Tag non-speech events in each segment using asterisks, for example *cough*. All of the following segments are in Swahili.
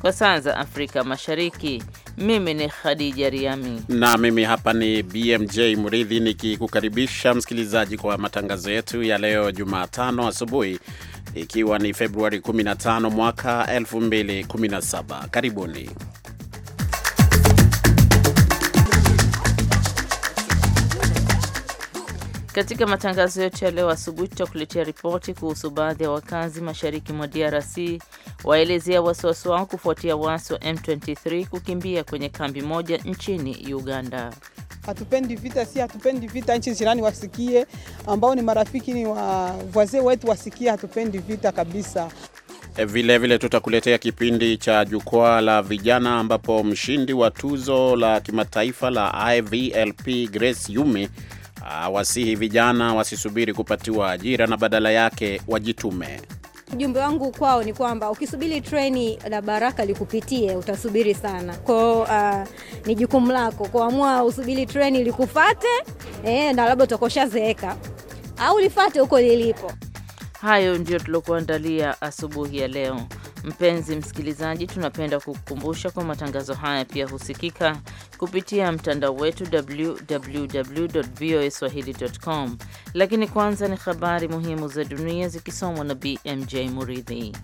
kwa saa za Afrika Mashariki. Mimi ni Khadija Riami na mimi hapa ni BMJ Mridhi nikikukaribisha msikilizaji kwa matangazo yetu ya leo Jumatano asubuhi ikiwa ni Februari 15 mwaka 2017. Karibuni. Katika matangazo yetu ya leo asubuhi, tutakuletea ripoti kuhusu baadhi ya wakazi mashariki mwa DRC waelezea wasiwasi wao kufuatia waasi wa M23 kukimbia kwenye kambi moja nchini Uganda. Hatupendi vita, si hatupendi vita. Nchi jirani wasikie, ambao ni marafiki ni wa wazee wetu wasikie, hatupendi vita kabisa. Vilevile eh, vile tutakuletea kipindi cha jukwaa la vijana ambapo mshindi wa tuzo la kimataifa la IVLP Grace Yume awasihi ah, vijana wasisubiri kupatiwa ajira na badala yake wajitume. Ujumbe wangu kwao ni kwamba ukisubiri treni la baraka likupitie utasubiri sana. Kwao uh, ah, ni jukumu lako kuamua usubiri treni likufate eh, na labda utakoshazeeka au lifate huko lilipo. Hayo ndio tuliokuandalia asubuhi ya leo. Mpenzi msikilizaji, tunapenda kukukumbusha kwa matangazo haya pia husikika kupitia mtandao wetu www swahilicom Lakini kwanza ni habari muhimu za dunia zikisomwa na BMJ Muridhi.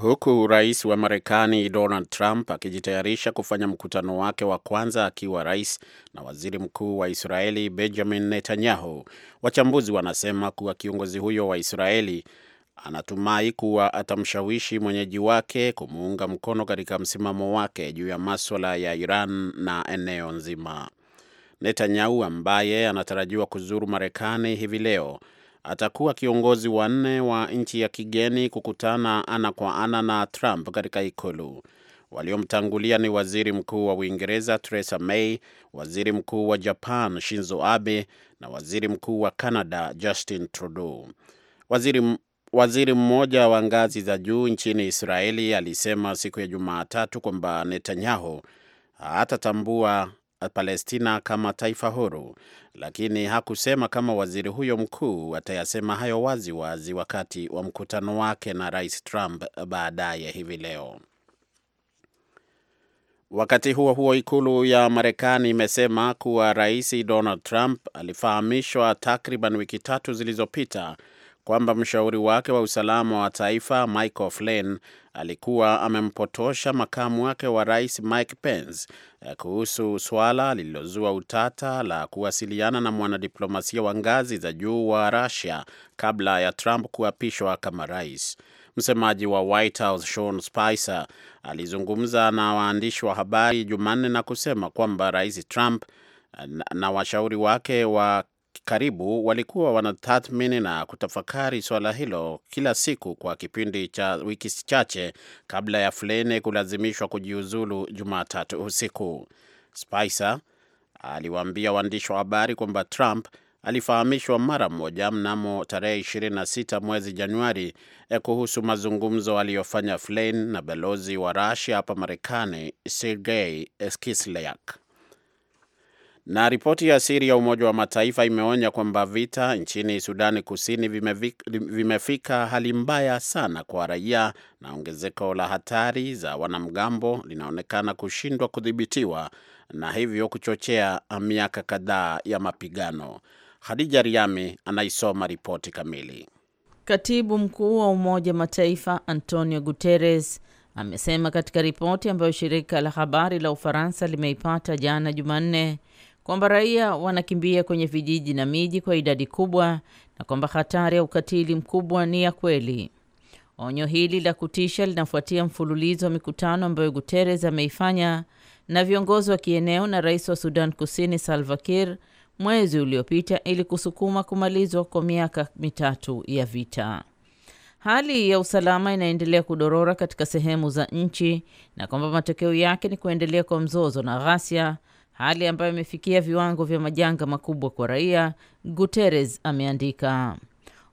Huku rais wa Marekani Donald Trump akijitayarisha kufanya mkutano wake wa kwanza akiwa rais na waziri mkuu wa Israeli Benjamin Netanyahu, wachambuzi wanasema kuwa kiongozi huyo wa Israeli anatumai kuwa atamshawishi mwenyeji wake kumuunga mkono katika msimamo wake juu ya maswala ya Iran na eneo nzima. Netanyahu ambaye anatarajiwa kuzuru Marekani hivi leo atakuwa kiongozi wa nne wa nchi ya kigeni kukutana ana kwa ana na Trump katika ikulu. Waliomtangulia ni waziri mkuu wa Uingereza Theresa May, waziri mkuu wa Japan Shinzo Abe na waziri mkuu wa Canada Justin Trudeau. Waziri, waziri mmoja wa ngazi za juu nchini Israeli alisema siku ya Jumatatu kwamba Netanyahu hatatambua Palestina kama taifa huru, lakini hakusema kama waziri huyo mkuu atayasema hayo wazi wazi wakati wa mkutano wake na Rais Trump baadaye hivi leo. Wakati huo huo, ikulu ya Marekani imesema kuwa Rais Donald Trump alifahamishwa takriban wiki tatu zilizopita kwamba mshauri wake wa usalama wa taifa Michael Flynn alikuwa amempotosha makamu wake wa rais Mike Pence eh, kuhusu swala lililozua utata la kuwasiliana na mwanadiplomasia wa ngazi za juu wa Russia kabla ya Trump kuapishwa kama rais. Msemaji wa White House Sean Spicer alizungumza na waandishi wa habari Jumanne na kusema kwamba rais Trump eh, na washauri wake wa karibu walikuwa wanatathmini na kutafakari swala hilo kila siku kwa kipindi cha wiki chache kabla ya Flynn kulazimishwa kujiuzulu Jumatatu usiku. Spicer aliwaambia waandishi wa habari kwamba Trump alifahamishwa mara moja mnamo tarehe 26 mwezi Januari eh, kuhusu mazungumzo aliyofanya Flynn na balozi wa Russia hapa Marekani Sergei Kislyak. Na ripoti ya siri ya Umoja wa Mataifa imeonya kwamba vita nchini Sudani Kusini vimefika hali mbaya sana kwa raia na ongezeko la hatari za wanamgambo linaonekana kushindwa kudhibitiwa na hivyo kuchochea miaka kadhaa ya mapigano. Hadija Riami anaisoma ripoti kamili. Katibu mkuu wa Umoja wa Mataifa Antonio Guterres amesema katika ripoti ambayo shirika la habari la Ufaransa limeipata jana Jumanne kwamba raia wanakimbia kwenye vijiji na miji kwa idadi kubwa na kwamba hatari ya ukatili mkubwa ni ya kweli. Onyo hili la kutisha linafuatia mfululizo wa mikutano ambayo Guterres ameifanya na viongozi wa kieneo na rais wa Sudan Kusini Salva Kiir mwezi uliopita ili kusukuma kumalizwa kwa miaka mitatu ya vita. Hali ya usalama inaendelea kudorora katika sehemu za nchi na kwamba matokeo yake ni kuendelea kwa mzozo na ghasia hali ambayo imefikia viwango vya majanga makubwa kwa raia, Guterres ameandika.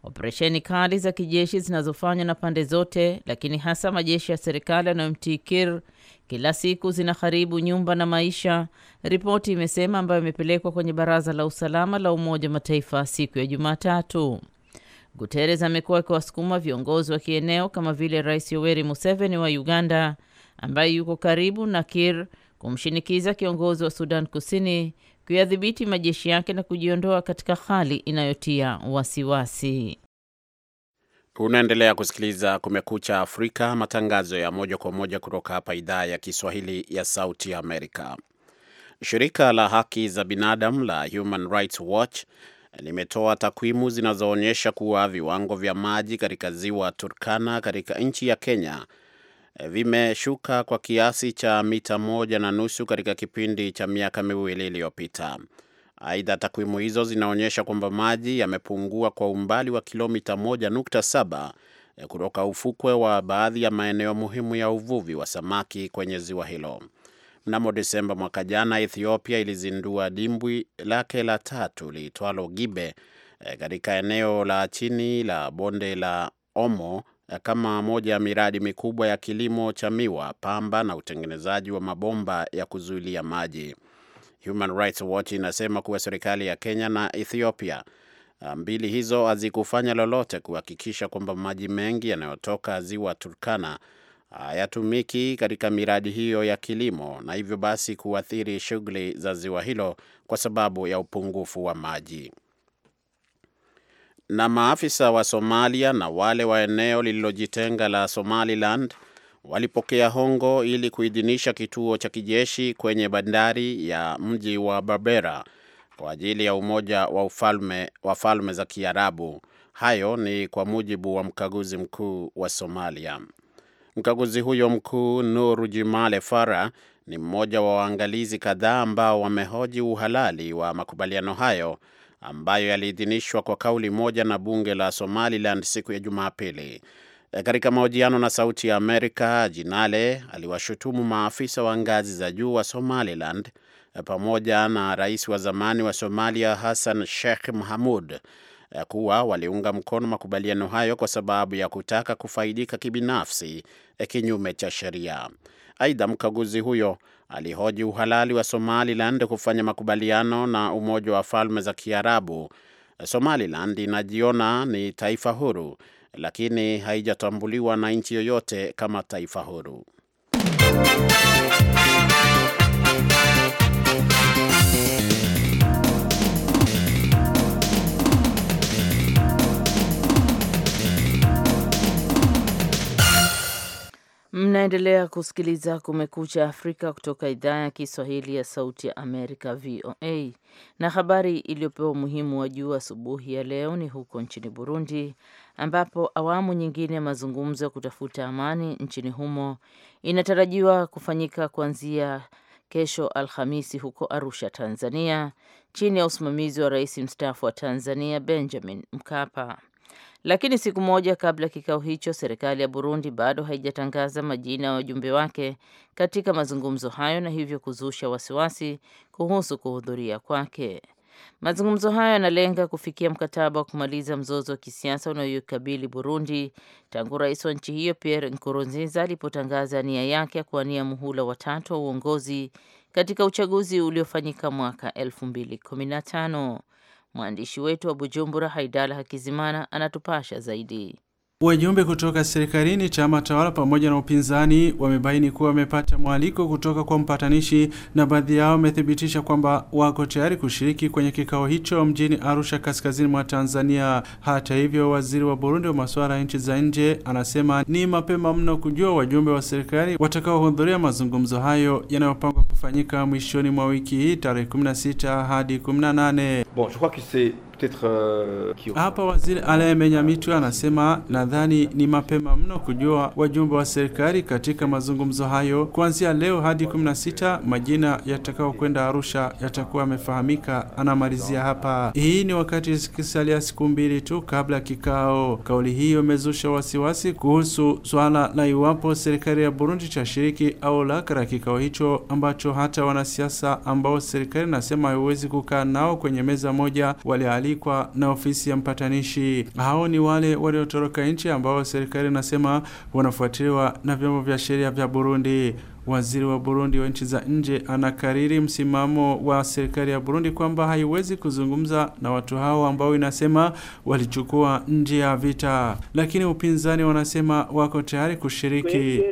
Operesheni kali za kijeshi zinazofanywa na pande zote, lakini hasa majeshi ya serikali yanayomtii Kir kila siku zinaharibu nyumba na maisha, ripoti imesema, ambayo imepelekwa kwenye Baraza la Usalama la Umoja wa Mataifa siku ya Jumatatu. Guterres amekuwa akiwasukuma viongozi wa kieneo kama vile Rais Yoweri Museveni wa Uganda ambaye yuko karibu na Kir kumshinikiza kiongozi wa Sudan Kusini kuyadhibiti majeshi yake na kujiondoa katika hali inayotia wasiwasi. Unaendelea kusikiliza Kumekucha Afrika, matangazo ya moja kwa moja kutoka hapa idhaa ya Kiswahili ya Sauti ya Amerika. Shirika la haki za binadamu la Human Rights Watch limetoa takwimu zinazoonyesha kuwa viwango vya maji katika ziwa Turkana katika nchi ya Kenya vimeshuka kwa kiasi cha mita moja na nusu katika kipindi cha miaka miwili iliyopita. Aidha, takwimu hizo zinaonyesha kwamba maji yamepungua kwa umbali wa kilomita 1.7 e, kutoka ufukwe wa baadhi ya maeneo muhimu ya uvuvi wa samaki kwenye ziwa hilo. Mnamo Desemba mwaka jana, Ethiopia ilizindua dimbwi lake la tatu liitwalo Gibe e, katika eneo la chini la bonde la Omo Eh, kama moja ya miradi mikubwa ya kilimo cha miwa, pamba na utengenezaji wa mabomba ya kuzuilia maji. Human Rights Watch inasema kuwa serikali ya Kenya na Ethiopia eh, mbili hizo hazikufanya lolote kuhakikisha kwamba maji mengi yanayotoka ziwa Turkana hayatumiki katika miradi hiyo ya kilimo na hivyo basi kuathiri shughuli za ziwa hilo kwa sababu ya upungufu wa maji na maafisa wa Somalia na wale wa eneo lililojitenga la Somaliland walipokea hongo ili kuidhinisha kituo cha kijeshi kwenye bandari ya mji wa Berbera kwa ajili ya Umoja wa Ufalme wa Falme za Kiarabu. Hayo ni kwa mujibu wa mkaguzi mkuu wa Somalia. Mkaguzi huyo mkuu Nuru Jimale Fara ni mmoja wa waangalizi kadhaa ambao wamehoji uhalali wa makubaliano hayo ambayo yaliidhinishwa kwa kauli moja na bunge la Somaliland siku ya Jumapili. E, katika mahojiano na Sauti ya Amerika, Jinale aliwashutumu maafisa wa ngazi za juu wa Somaliland e, pamoja na rais wa zamani wa Somalia Hassan Sheikh mhamud e, kuwa waliunga mkono makubaliano hayo kwa sababu ya kutaka kufaidika kibinafsi kinyume cha sheria. Aidha, mkaguzi huyo alihoji uhalali wa Somaliland kufanya makubaliano na Umoja wa Falme za Kiarabu. Somaliland inajiona ni taifa huru, lakini haijatambuliwa na nchi yoyote kama taifa huru. Mnaendelea kusikiliza Kumekucha Afrika kutoka idhaa ya Kiswahili ya Sauti ya Amerika, VOA. Na habari iliyopewa umuhimu wa juu asubuhi ya leo ni huko nchini Burundi, ambapo awamu nyingine ya mazungumzo ya kutafuta amani nchini humo inatarajiwa kufanyika kuanzia kesho Alhamisi huko Arusha, Tanzania, chini ya usimamizi wa rais mstaafu wa Tanzania Benjamin Mkapa. Lakini siku moja kabla kikao hicho, serikali ya Burundi bado haijatangaza majina ya wajumbe wake katika mazungumzo hayo, na hivyo kuzusha wasiwasi kuhusu kuhudhuria kwake. Mazungumzo hayo yanalenga kufikia mkataba wa kumaliza mzozo wa kisiasa unaoikabili Burundi tangu rais wa nchi hiyo Pierre Nkurunziza alipotangaza nia yake ya kuwania muhula watatu wa uongozi katika uchaguzi uliofanyika mwaka 2015. Mwandishi wetu wa Bujumbura, Haidala Hakizimana, anatupasha zaidi. Wajumbe kutoka serikalini, chama tawala pamoja na upinzani wamebaini kuwa wamepata mwaliko kutoka kwa mpatanishi na baadhi yao wamethibitisha kwamba wako tayari kushiriki kwenye kikao hicho mjini Arusha, kaskazini mwa Tanzania. Hata hivyo, waziri wa Burundi wa masuala ya nchi za nje anasema ni mapema mno kujua wajumbe wa serikali watakaohudhuria mazungumzo hayo yanayopangwa kufanyika mwishoni mwa wiki hii tarehe 16 hadi 18. Bon, je crois que c'est Euh, hapa waziri Alain Menyamitu anasema nadhani ni mapema mno kujua wajumbe wa serikali katika mazungumzo hayo. Kuanzia leo hadi 16 majina yatakayokwenda Arusha yatakuwa yamefahamika. Anamalizia hapa, hii ni wakati zikisalia siku mbili tu kabla ya kikao. Kauli hiyo imezusha wasiwasi kuhusu swala la iwapo serikali ya Burundi itashiriki au la katika kikao hicho ambacho hata wanasiasa ambao serikali nasema haiwezi kukaa nao kwenye meza moja wale walioalikwa na ofisi ya mpatanishi. Hao ni wale waliotoroka nchi ambao serikali inasema wanafuatiliwa na vyombo vya sheria vya Burundi. Waziri wa Burundi wa nchi za nje anakariri msimamo wa serikali ya Burundi kwamba haiwezi kuzungumza na watu hao ambao inasema walichukua nje ya vita, lakini upinzani wanasema wako tayari kushiriki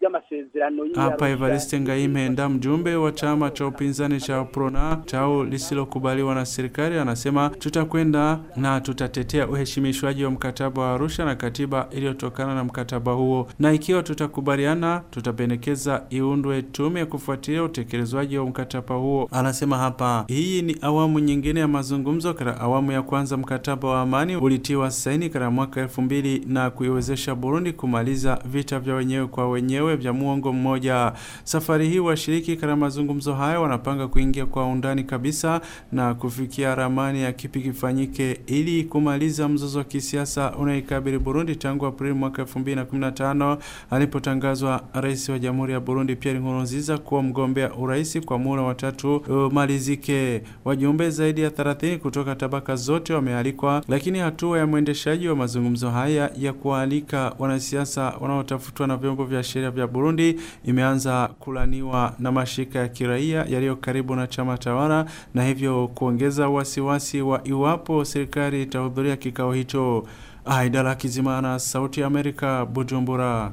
y'amasezerano hapa. Evariste Ngayimpenda, mjumbe wa chama cha upinzani cha Prona chao lisilokubaliwa na serikali, anasema tutakwenda na tutatetea uheshimishwaji wa mkataba wa Arusha na katiba iliyotokana na mkataba huo, na ikiwa tutakubaliana, tutapendekeza iundwe tume ya kufuatilia utekelezwaji wa mkataba huo, anasema hapa. Hii ni awamu nyingine ya mazungumzo. kara awamu ya kwanza, mkataba wa amani ulitiwa saini kara mwaka elfu mbili na kuiwezesha Burundi kumaliza vita vya wenyewe kwa wenyewe viwewe vya muongo mmoja. Safari hii washiriki katika mazungumzo haya wanapanga kuingia kwa undani kabisa na kufikia ramani ya kipi kifanyike ili kumaliza mzozo wa kisiasa unaikabili Burundi tangu Aprili mwaka 2015 alipotangazwa rais wa jamhuri ya Burundi Pierre Nkurunziza kuwa mgombea urais kwa muhula wa tatu umalizike. Uh, Wajumbe zaidi ya 30 kutoka tabaka zote wamealikwa, lakini hatua ya mwendeshaji wa mazungumzo haya ya kualika wanasiasa wanaotafutwa na vyombo vya sheria vya Burundi imeanza kulaniwa na mashirika ya kiraia yaliyo karibu na chama tawala na hivyo kuongeza wasiwasi wa iwapo serikali itahudhuria kikao hicho. Aidala Kizimana, Sauti ya Amerika, Bujumbura.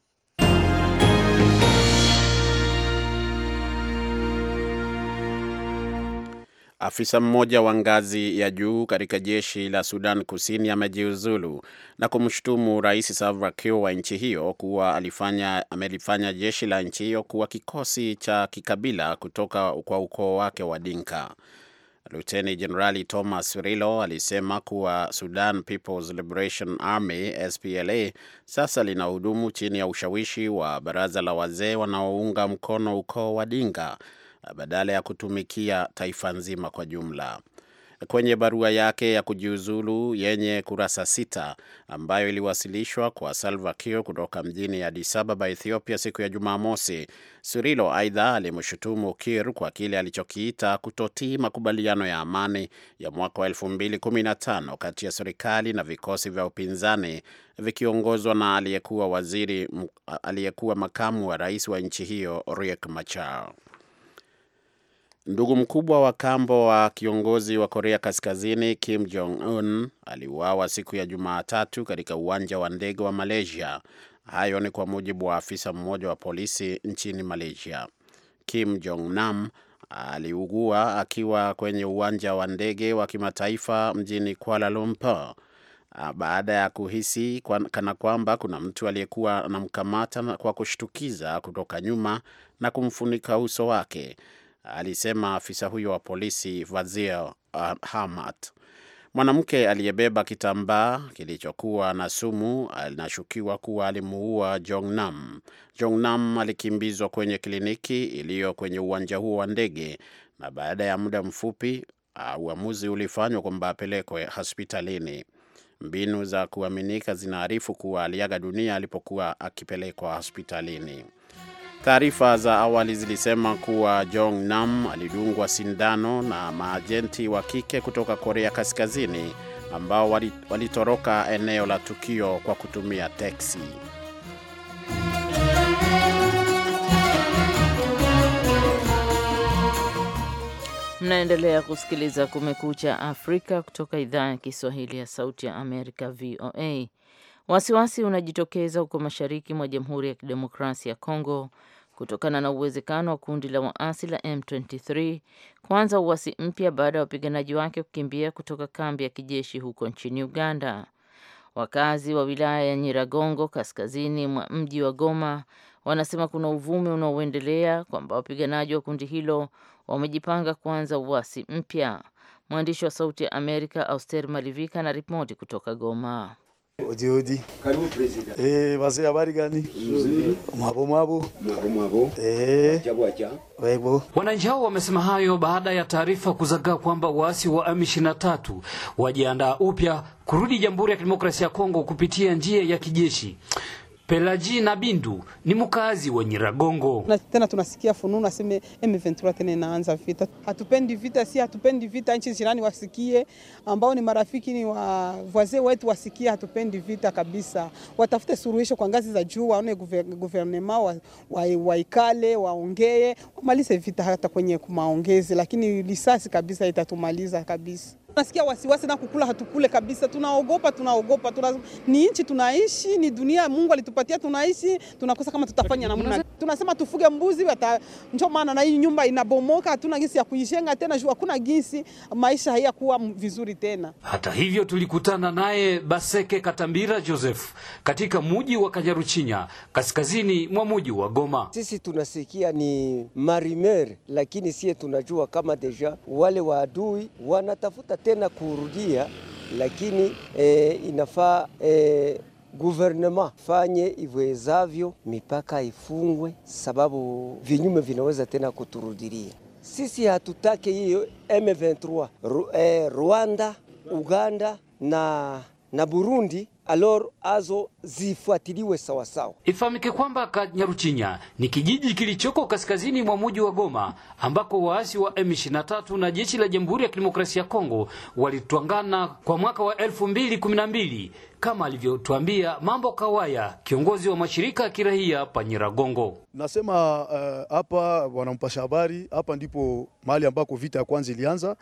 Afisa mmoja wa ngazi ya juu katika jeshi la Sudan Kusini amejiuzulu na kumshutumu Rais Salva Kiir wa nchi hiyo kuwa alifanya, amelifanya jeshi la nchi hiyo kuwa kikosi cha kikabila kutoka kwa ukoo wake wa Dinka. Luteni Jenerali Thomas Rilo alisema kuwa Sudan People's Liberation Army SPLA sasa linahudumu chini ya ushawishi wa baraza la wazee wanaounga mkono ukoo wa Dinka badala ya kutumikia taifa nzima kwa jumla. Kwenye barua yake ya kujiuzulu yenye kurasa sita ambayo iliwasilishwa kwa Salva Kiir kutoka mjini Addis Ababa, Ethiopia, siku ya Jumamosi, surilo aidha alimshutumu Kiir kwa kile alichokiita kutotii makubaliano ya amani ya mwaka wa 2015 kati ya serikali na vikosi vya upinzani vikiongozwa na aliyekuwa waziri aliyekuwa makamu wa rais wa nchi hiyo Riek Machar. Ndugu mkubwa wa kambo wa kiongozi wa Korea Kaskazini Kim Jong Un aliuawa siku ya Jumatatu katika uwanja wa ndege wa Malaysia. Hayo ni kwa mujibu wa afisa mmoja wa polisi nchini Malaysia. Kim Jong Nam aliugua akiwa kwenye uwanja wa ndege wa kimataifa mjini Kuala Lumpur ah, baada ya kuhisi kwa, kana kwamba kuna mtu aliyekuwa anamkamata kwa kushtukiza kutoka nyuma na kumfunika uso wake alisema afisa huyo wa polisi Vazir uh, Hamat. Mwanamke aliyebeba kitambaa kilichokuwa na sumu anashukiwa kuwa alimuua Jongnam. Jongnam alikimbizwa kwenye kliniki iliyo kwenye uwanja huo wa ndege, na baada ya muda mfupi uh, uamuzi ulifanywa kwamba apelekwe hospitalini. Mbinu za kuaminika zinaarifu kuwa aliaga dunia alipokuwa akipelekwa hospitalini. Taarifa za awali zilisema kuwa Jong Nam alidungwa sindano na maajenti wa kike kutoka Korea Kaskazini ambao walitoroka eneo la tukio kwa kutumia teksi. Mnaendelea kusikiliza Kumekucha Afrika kutoka idhaa ya Kiswahili ya Sauti ya Amerika, VOA, Wasiwasi unajitokeza huko mashariki mwa Jamhuri ya Kidemokrasia ya Kongo kutokana na uwezekano wa kundi la waasi la M23 kuanza uasi mpya baada ya wapiganaji wake kukimbia kutoka kambi ya kijeshi huko nchini Uganda. Wakazi wa wilaya ya Nyiragongo kaskazini mwa mji wa Goma wanasema kuna uvumi unaoendelea kwamba wapiganaji wa kundi hilo wamejipanga kuanza uasi mpya. Mwandishi wa Sauti ya Amerika Auster Malivika anaripoti kutoka Goma. Odiodi. Karibu president. Eh, wazee habari gani? Mzuri. Mwabo mwabo. Mwabo mwabo. Eh. Chabu acha. Wego. Wananchi hao wamesema hayo baada ya taarifa kuzagaa kwamba waasi wa M23 wajiandaa upya kurudi Jamhuri ya Kidemokrasia ya Kongo kupitia njia ya kijeshi. Pelaji na Bindu ni mkazi wa Nyiragongo. Na tena tunasikia fununu aseme M23 tena inaanza vita. Hatupendi vita, si hatupendi vita, nchi jirani wasikie, ambao ni marafiki ni wa wazee wetu wasikie, hatupendi vita kabisa. Watafute suluhisho kwa ngazi za juu, waone guvernema waikale, wa, wa waongee, wamalize vita hata kwenye maongezi, lakini risasi kabisa itatumaliza kabisa. Nasikia wasiwasi na kukula, hatukule kabisa, tunaogopa, tunaogopa tuna... ni nchi tunaishi, ni dunia Mungu alitupatia tunaishi, tunakosa kama tutafanya namna. Tunasema tufuge mbuzi wata, ndio maana na hii nyumba inabomoka, hatuna gisi ya kuijenga tena juu hakuna gisi, maisha hayakuwa vizuri tena. Hata hivyo tulikutana naye Baseke Katambira Joseph katika muji wa Kanyaruchinya kaskazini mwa muji wa Goma. Sisi tunasikia ni marimer, lakini sie tunajua kama deja wale waadui wanatafuta tena kurudia, lakini e, inafaa e, eh, guvernema fanye iwezavyo, mipaka ifungwe, sababu vinyume vinaweza tena kuturudilia. Sisi hatutake hiyo M23 Ru, e, Rwanda, Uganda na, na Burundi alor azo zifuatiliwe sawasawa. Ifahamike kwamba Kanyaruchinya ni kijiji kilichoko kaskazini mwa mji wa Goma ambako waasi wa M23 na jeshi la Jamhuri ya Kidemokrasia ya Kongo walitwangana kwa mwaka wa 2012 kama alivyotuambia Mambo Kawaya, kiongozi wa mashirika ya kirahia pa Nyiragongo. Nasema eh, hapa uh, wanampasha habari hapa ndipo mahali ambako vita ya kwanza ilianza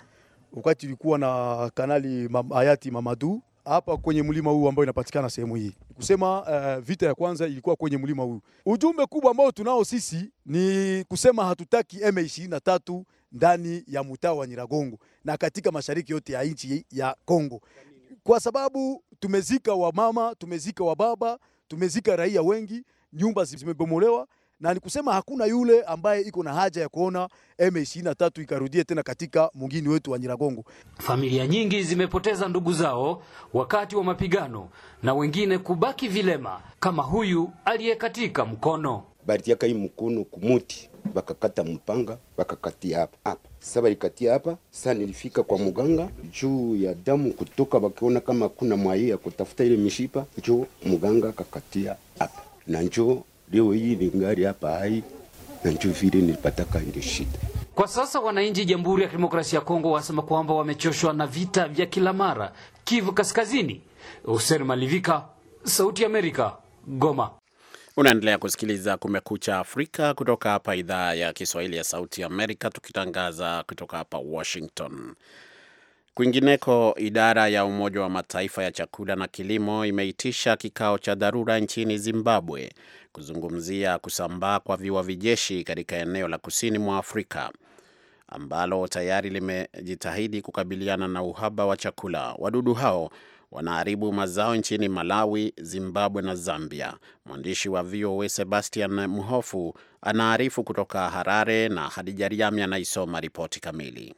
wakati ilikuwa na kanali hayati Mamadu hapa kwenye mlima huu ambao inapatikana sehemu hii. Kusema uh, vita ya kwanza ilikuwa kwenye mlima huu. Ujumbe kubwa ambao tunao sisi ni kusema hatutaki M23 ndani ya mtaa wa Nyiragongo na katika mashariki yote ya nchi ya Kongo, kwa sababu tumezika wamama, tumezika wababa, tumezika raia wengi, nyumba zimebomolewa na ni kusema hakuna yule ambaye iko na haja ya kuona M23 ikarudia tena katika mugini wetu wa Nyiragongo. Familia nyingi zimepoteza ndugu zao wakati wa mapigano na wengine kubaki vilema kama huyu aliyekatika mkono. Baritiaka hii mkono kumuti, bakakata mpanga, bakakatia hapa hapa. Sasa balikatia hapa, sasa nilifika kwa muganga juu ya damu kutoka, bakiona kama kuna mwaia kutafuta ile mishipa, juu muganga akakatia hapa na njoo leo hii hapa hai na vile nilipataka shida. Kwa sasa wananchi Jamhuri ya Kidemokrasia ya Kongo wasema kwamba wamechoshwa na vita vya kila mara Kivu Kaskazini. Hussein Malivika, Sauti ya Amerika, Goma. Unaendelea kusikiliza Kumekucha Afrika kutoka hapa idhaa ya Kiswahili ya Sauti Amerika, tukitangaza kutoka hapa Washington. Kwingineko, idara ya Umoja wa Mataifa ya chakula na kilimo imeitisha kikao cha dharura nchini Zimbabwe kuzungumzia kusambaa kwa viwa vijeshi katika eneo la kusini mwa Afrika ambalo tayari limejitahidi kukabiliana na uhaba wa chakula. Wadudu hao wanaharibu mazao nchini Malawi, Zimbabwe na Zambia. Mwandishi wa VOA Sebastian Mhofu anaarifu kutoka Harare na Hadija Riami anaisoma ripoti kamili.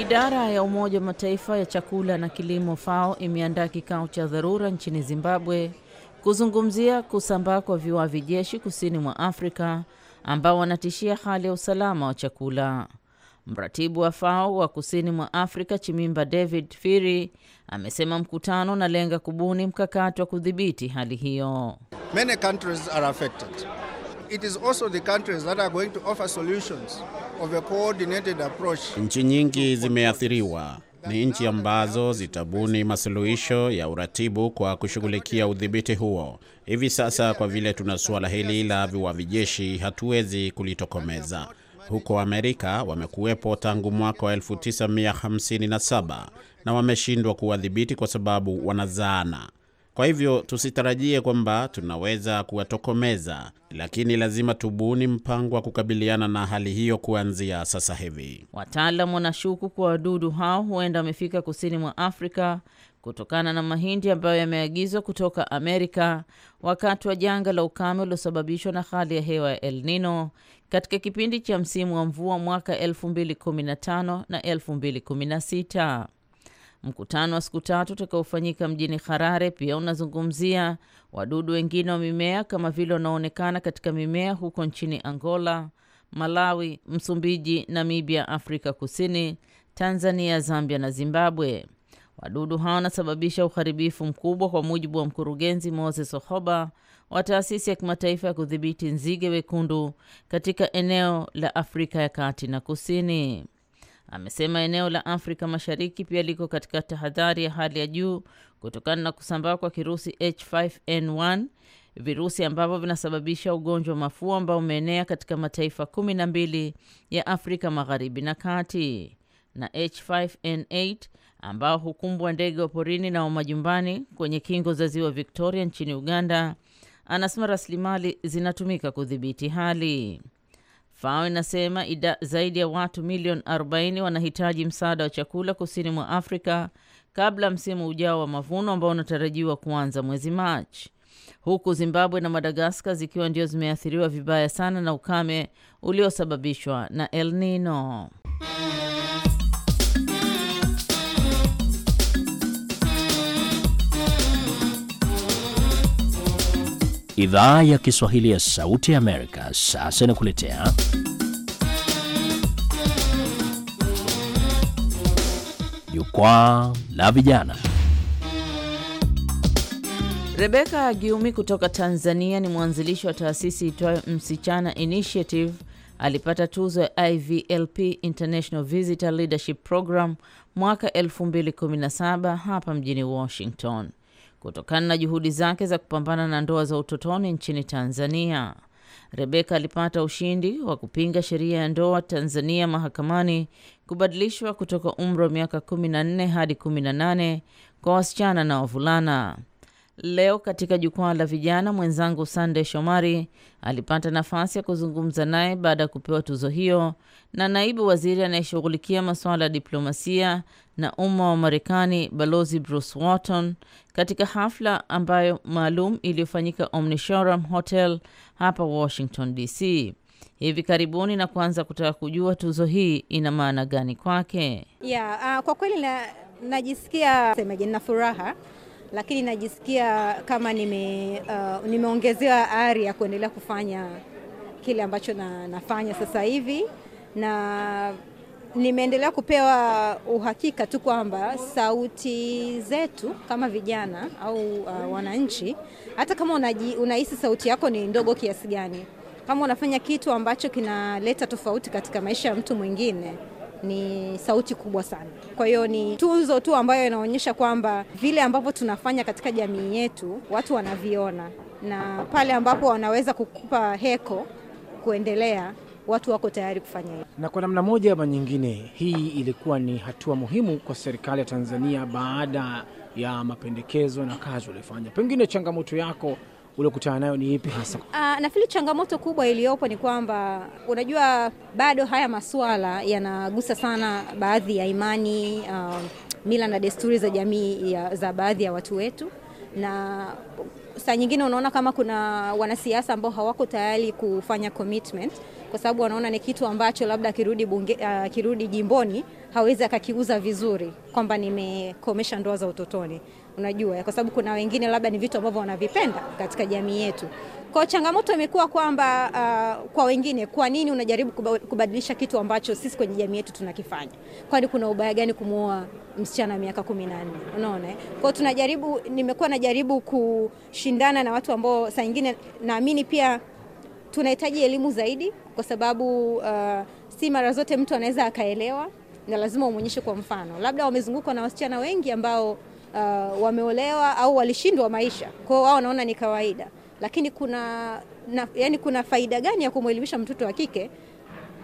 Idara ya Umoja wa Mataifa ya chakula na kilimo FAO imeandaa kikao cha dharura nchini Zimbabwe kuzungumzia kusambaa kwa viwavi jeshi kusini mwa Afrika ambao wanatishia hali ya usalama wa chakula. Mratibu wa FAO wa kusini mwa Afrika Chimimba David Firi amesema mkutano unalenga kubuni mkakati wa kudhibiti hali hiyo. Many countries are affected. It is also the countries that are going to offer solutions of a coordinated approach. Nchi nyingi zimeathiriwa ni nchi ambazo zitabuni masuluhisho ya uratibu kwa kushughulikia udhibiti huo. Hivi sasa kwa vile tuna suala hili la viwavijeshi, hatuwezi kulitokomeza. Huko Amerika wamekuwepo tangu mwaka wa 1957 na wameshindwa kuwadhibiti kwa sababu wanazaana. Kwa hivyo tusitarajie kwamba tunaweza kuwatokomeza, lakini lazima tubuni mpango wa kukabiliana na hali hiyo kuanzia sasa hivi. Wataalam wanashuku kuwa wadudu hao huenda wamefika kusini mwa Afrika kutokana na mahindi ambayo yameagizwa kutoka Amerika wakati wa janga la ukame uliosababishwa na hali ya hewa ya El Nino katika kipindi cha msimu wa mvua mwaka 2015 na 2016. Mkutano wa siku tatu utakaofanyika mjini Harare pia unazungumzia wadudu wengine wa mimea kama vile wanaoonekana katika mimea huko nchini Angola, Malawi, Msumbiji, Namibia, Afrika Kusini, Tanzania, Zambia na Zimbabwe. Wadudu hao wanasababisha uharibifu mkubwa, kwa mujibu wa mkurugenzi Moses Ohoba wa taasisi ya kimataifa ya kudhibiti nzige wekundu katika eneo la Afrika ya kati na kusini. Amesema eneo la Afrika Mashariki pia liko katika tahadhari ya hali ya juu kutokana na kusambaa kwa kirusi H5N1, virusi ambavyo vinasababisha ugonjwa wa mafua ambao umeenea katika mataifa kumi na mbili ya Afrika Magharibi na Kati, na H5N8 ambao hukumbwa ndege wa porini na wa majumbani kwenye kingo za Ziwa Victoria nchini Uganda. Anasema rasilimali zinatumika kudhibiti hali. FAO inasema ida, zaidi ya watu milioni 40 wanahitaji msaada wa chakula kusini mwa Afrika kabla msimu ujao wa mavuno ambao unatarajiwa kuanza mwezi Machi, huku Zimbabwe na Madagaskar zikiwa ndio zimeathiriwa vibaya sana na ukame uliosababishwa na El Nino. Idhaa ya Kiswahili ya Sauti ya Amerika sasa inakuletea Jukwaa la Vijana. Rebeka Giumi kutoka Tanzania ni mwanzilishi wa taasisi itwayo Msichana Initiative. Alipata tuzo ya IVLP International Visitor Leadership Program mwaka 2017 hapa mjini Washington kutokana na juhudi zake za kupambana na ndoa za utotoni nchini Tanzania. Rebeka alipata ushindi wa kupinga sheria ya ndoa Tanzania mahakamani kubadilishwa kutoka umri wa miaka 14 hadi 18 kwa wasichana na wavulana. Leo katika jukwaa la vijana, mwenzangu Sande Shomari alipata nafasi ya kuzungumza naye baada ya kupewa tuzo hiyo na naibu waziri anayeshughulikia masuala ya diplomasia na umma wa Marekani, Balozi Bruce Wharton, katika hafla ambayo maalum iliyofanyika Omnishoram Hotel hapa Washington DC hivi karibuni na kuanza kutaka kujua tuzo hii ina maana gani kwake. Yeah, uh, kwa kweli najisikia na semeje nina furaha lakini najisikia kama nime, uh, nimeongezewa ari ya kuendelea kufanya kile ambacho na, nafanya sasa hivi na nimeendelea kupewa uhakika tu kwamba sauti zetu kama vijana au uh, wananchi, hata kama unaji, unahisi sauti yako ni ndogo kiasi gani, kama unafanya kitu ambacho kinaleta tofauti katika maisha ya mtu mwingine ni sauti kubwa sana. Kwa hiyo ni tuzo tu ambayo inaonyesha kwamba vile ambavyo tunafanya katika jamii yetu watu wanaviona, na pale ambapo wanaweza kukupa heko kuendelea, watu wako tayari kufanya hivyo. Na kwa namna moja ama nyingine, hii ilikuwa ni hatua muhimu kwa serikali ya Tanzania baada ya mapendekezo na kazi waliofanya Pengine changamoto yako uliokutana nayo ni ipi hasa? Uh, nafikiri changamoto kubwa iliyopo ni kwamba unajua, bado haya masuala yanagusa sana baadhi ya imani uh, mila na desturi za jamii ya, za baadhi ya watu wetu na saa nyingine unaona kama kuna wanasiasa ambao hawako tayari kufanya commitment kwa sababu wanaona ni kitu ambacho labda kirudi bunge, akirudi ah, jimboni hawezi akakiuza vizuri kwamba nimekomesha ndoa za utotoni unajua, kwa sababu kuna wengine labda ni vitu ambavyo wanavipenda katika jamii yetu. Kwa changamoto imekuwa kwamba uh, kwa wengine, kwa nini unajaribu kubadilisha kitu ambacho sisi kwenye jamii yetu tunakifanya? Kwani kuna ubaya gani kumuoa msichana miaka kumi Unaona, eh? kwa tunajaribu, nimekuwa najaribu kushindana na watu ambao saa nyingine naamini pia tunahitaji elimu zaidi, kwa sababu uh, si mara zote mtu anaweza akaelewa, na lazima umwonyeshe kwa mfano. Labda wamezungukwa na wasichana wengi ambao uh, wameolewa au walishindwa maisha, kwa hiyo wao wanaona ni kawaida. Lakini kuna na, yani kuna faida gani ya kumwelimisha mtoto wa kike?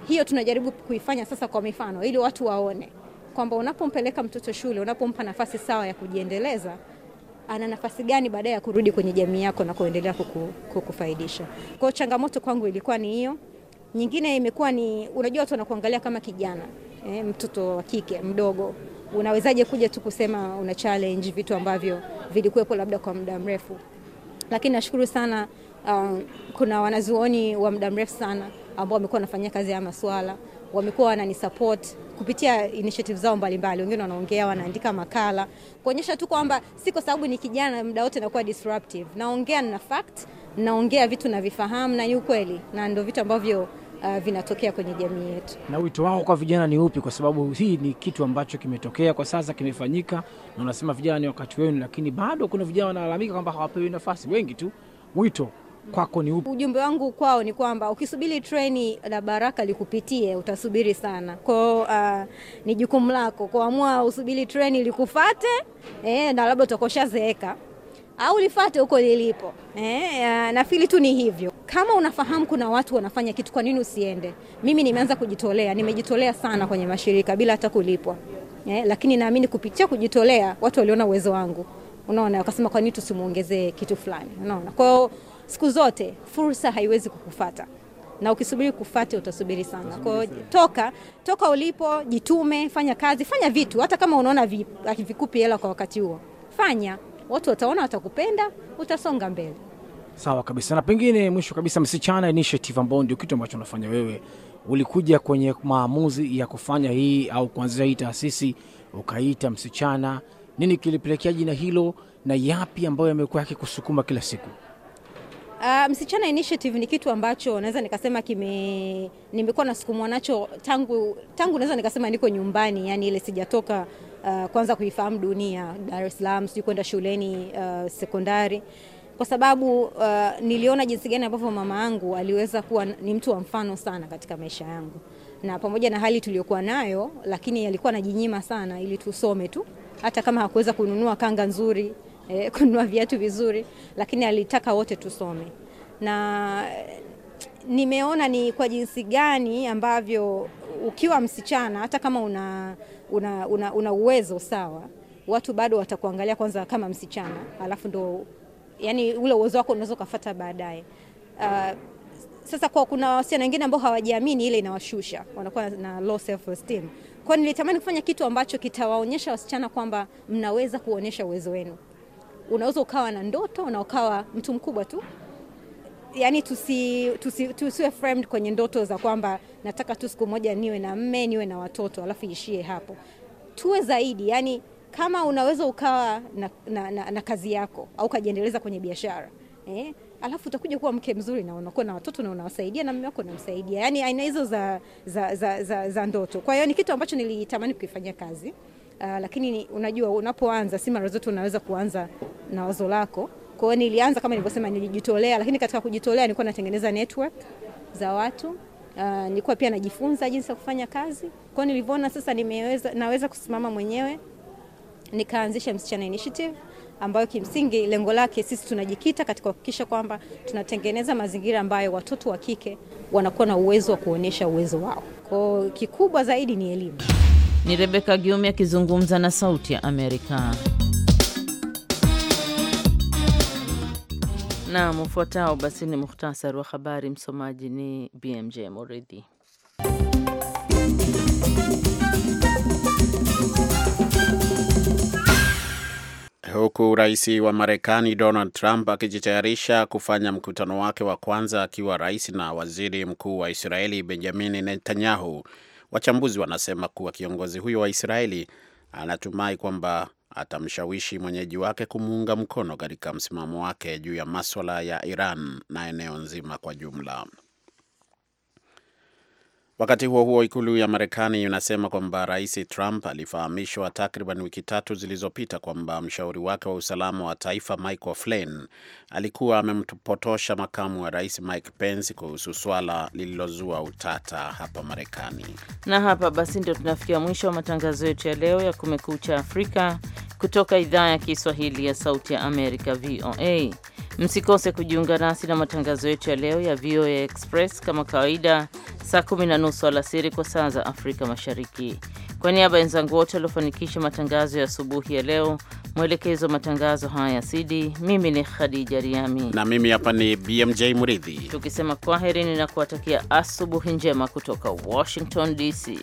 Hiyo tunajaribu kuifanya sasa kwa mifano, ili watu waone kwamba unapompeleka mtoto shule, unapompa nafasi sawa ya kujiendeleza ana nafasi gani baadaye ya kurudi kwenye jamii yako na kuendelea kuku, kukufaidisha. Kwa hiyo changamoto kwangu ilikuwa ni hiyo. Nyingine imekuwa ni unajua, watu wanakuangalia kama kijana eh, mtoto wa kike mdogo unawezaje kuja tu kusema una challenge vitu ambavyo vilikuwepo labda kwa muda mrefu. Lakini nashukuru sana um, kuna wanazuoni wa muda mrefu sana ambao wamekuwa wanafanyia kazi ya masuala, wamekuwa wananisupport kupitia initiative zao mbalimbali, wengine wanaongea, wanaandika makala kuonyesha tu kwamba si kwa sababu ni kijana muda wote nakuwa disruptive. Naongea na fact, naongea vitu navifahamu na ni ukweli, na ndio vitu ambavyo uh, vinatokea kwenye jamii yetu. Na wito wako kwa vijana ni upi? Kwa sababu hii ni kitu ambacho kimetokea kwa sasa, kimefanyika na unasema vijana ni wakati wenu, lakini bado kuna vijana wanalalamika kwamba hawapewi nafasi, wengi tu. Wito kwako ni upi? Ujumbe wangu kwao ni kwamba ukisubiri treni la baraka likupitie utasubiri sana. Kwao uh, ni jukumu lako kuamua usubiri treni likufate, eh, na labda utakoshazeeka au lifate huko lilipo. Eh, eh nafili tu ni hivyo. Kama unafahamu kuna watu wanafanya kitu, kwa nini usiende? Mimi nimeanza kujitolea, nimejitolea sana kwenye mashirika bila hata kulipwa eh, lakini naamini kupitia kujitolea watu waliona uwezo wangu, unaona, wakasema kwa nini tusimuongezee kitu fulani, unaona. Kwa siku zote fursa haiwezi kukufata na ukisubiri kufate utasubiri sana. Kwa toka toka ulipo, jitume, fanya kazi, fanya vitu, hata kama unaona vikupi hela kwa wakati huo, fanya watu wataona, watakupenda, utasonga mbele. Sawa kabisa. Na pengine mwisho kabisa, Msichana Initiative ambao ndio kitu ambacho unafanya wewe, ulikuja kwenye maamuzi ya kufanya hii au kuanzia hii taasisi ukaita Msichana, nini kilipelekea jina hilo na yapi ambayo yamekuwa yakikusukuma kila siku? Uh, Msichana Initiative ni kitu ambacho naweza nikasema kime nimekuwa nasukumwa nacho tangu tangu naweza nikasema niko nyumbani, yani ile sijatoka uh, kwanza kuifahamu dunia Dar es Salaam, sijui kwenda shuleni uh, sekondari kwa sababu uh, niliona jinsi gani ambavyo mama yangu aliweza kuwa ni mtu wa mfano sana katika maisha yangu, na pamoja na hali tuliyokuwa nayo, lakini alikuwa anajinyima sana ili tusome tu, hata kama hakuweza kununua kanga nzuri *laughs* eh, kununua viatu vizuri, lakini alitaka wote tusome. Na nimeona ni kwa jinsi gani ambavyo ukiwa msichana, hata kama una una, una, una uwezo sawa, watu bado watakuangalia kwanza kama msichana, alafu ndo yani ule uwezo wako unaweza ukafata baadaye. Uh, sasa kwa kuna wasichana wengine ambao hawajiamini, ile inawashusha, wanakuwa na low self esteem. Kwa nilitamani kufanya kitu ambacho kitawaonyesha wasichana kwamba mnaweza kuonyesha uwezo wenu. Unaweza ukawa na ndoto na ukawa mtu mkubwa tu yani tusiwe tusi, tusi framed kwenye ndoto za kwamba nataka tu siku moja niwe na mme niwe na watoto alafu ishie hapo. Tuwe zaidi, yani kama unaweza ukawa na, na, na, na kazi yako au ukajiendeleza kwenye biashara eh? Alafu utakuja kuwa mke mzuri na unakuwa na watoto na unawasaidia na mume wako unamsaidia, yani aina hizo za, za, za, za, za ndoto. Kwa hiyo ni kitu ambacho nilitamani kukifanyia kazi. Uh, lakini unajua unapoanza si mara zote unaweza kuanza na wazo lako kwa hiyo nilianza kama nilivyosema, nilijitolea, lakini katika kujitolea nilikuwa natengeneza network za watu Uh, nilikuwa pia najifunza jinsi ya kufanya kazi. Kwa hiyo nilivyoona sasa nimeweza naweza kusimama mwenyewe nikaanzisha Msichana Initiative ambayo kimsingi lengo lake sisi tunajikita katika kuhakikisha kwamba tunatengeneza mazingira ambayo watoto wa kike wanakuwa na uwezo wa kuonyesha uwezo wao. Kwa kikubwa zaidi ni elimu. Ni Rebeka Giumi akizungumza na Sauti ya Amerika. Naam, ufuatao basi ni muhtasari wa habari. Msomaji ni BMJ Moridhi. Huku rais wa Marekani Donald Trump akijitayarisha kufanya mkutano wake wa kwanza akiwa rais na waziri mkuu wa Israeli Benjamin Netanyahu, wachambuzi wanasema kuwa kiongozi huyo wa Israeli anatumai kwamba atamshawishi mwenyeji wake kumuunga mkono katika msimamo wake juu ya maswala ya Iran na eneo nzima kwa jumla. Wakati huo huo, ikulu ya Marekani inasema kwamba rais Trump alifahamishwa takriban wiki tatu zilizopita kwamba mshauri wake wa usalama wa taifa Michael Flynn alikuwa amempotosha makamu wa rais Mike Pence kuhusu swala lililozua utata hapa Marekani. Na hapa basi ndio tunafikia mwisho wa matangazo yetu ya leo ya Kumekucha Afrika kutoka idhaa ya Kiswahili ya Sauti ya Amerika, VOA. Msikose kujiunga nasi na matangazo yetu ya leo ya VOA Express kama kawaida, saa kumi na nusu alasiri kwa saa za Afrika Mashariki. Kwa niaba ya wenzangu wote waliofanikisha matangazo ya asubuhi ya leo, mwelekezo wa matangazo haya Sidi, mimi ni Khadija Riami na mimi hapa ni BMJ Muridhi, tukisema kwaherini na kuwatakia asubuhi njema kutoka Washington DC.